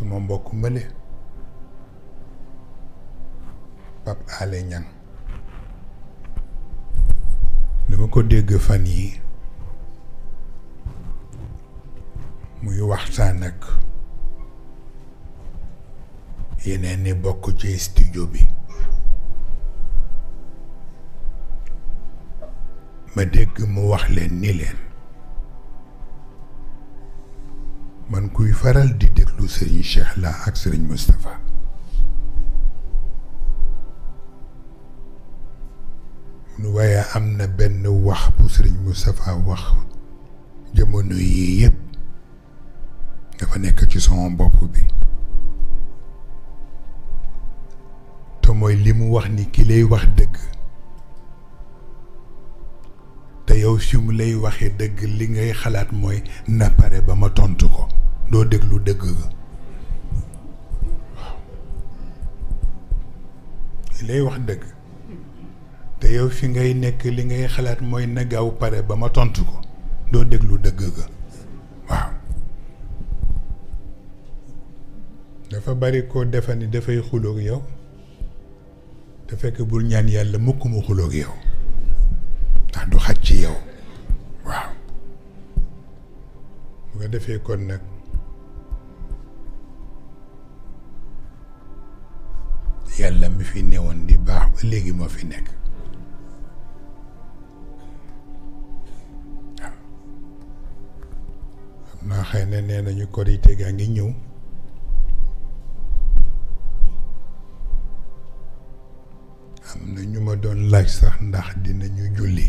suma mbokk mële Pape Alé Niang ko dégg fan yi muy waxtaan ak yeneen ni bokk ci studio bi ma dégg mu wax leen ni leen man kuy faral di déglu sëriñ Cheikh la ak sëriñ Moustapha nu waaye am na benn wax bu sëriñ Moustapha wax jamono yii yëpp dafa nekk ci sama bopp bi te mooy li mu wax ni ki lay wax dëgg yow si mu lay waxee dëgg li ngay xalaat mooy na pare ba ma tontu ko doo déglu dëgg ga waaw li lay wax dëgg te yow fi ngay nekk li ngay xalaat mooy na gaaw pare ba ma tontu ko doo déglu dëgg ga waaw dafa bari koo defa ni dafay xuloog yow te fekk bul ñaan yàlla mukk mu xuloog yow yow waaw bu nga defee kon nag yàlla mi fi newoon di baax ba léegi moo fi nekk waaw naa xëy na nee nañu korite gaa ngi ñëw am na ñu ma doon laaj sax ndax dinañu julli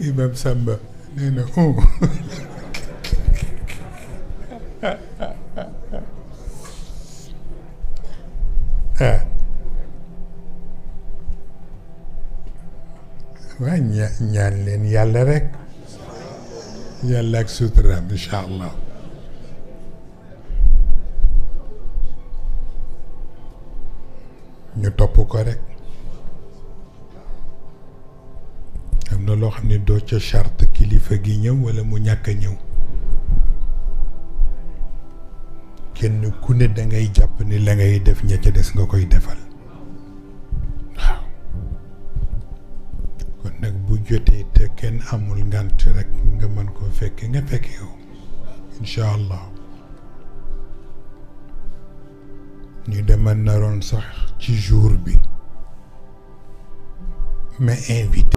imam Samba nee na oh ah. ñaan leen yàlla rek yàlla ak suturaam incha allah ñu topp ko rek am loo xam ne doo ca charte kilifa gi ñëw wala mu ñàkk a ñëw kenn ku ne dangay jàpp ni la ngay def ña ca des nga koy defal waaw kon nag bu jotee te kenn amul ngànt rek nga mën koo fekke nga fekke yow incha allah ñu dema naroon sax ci jour bi ma invité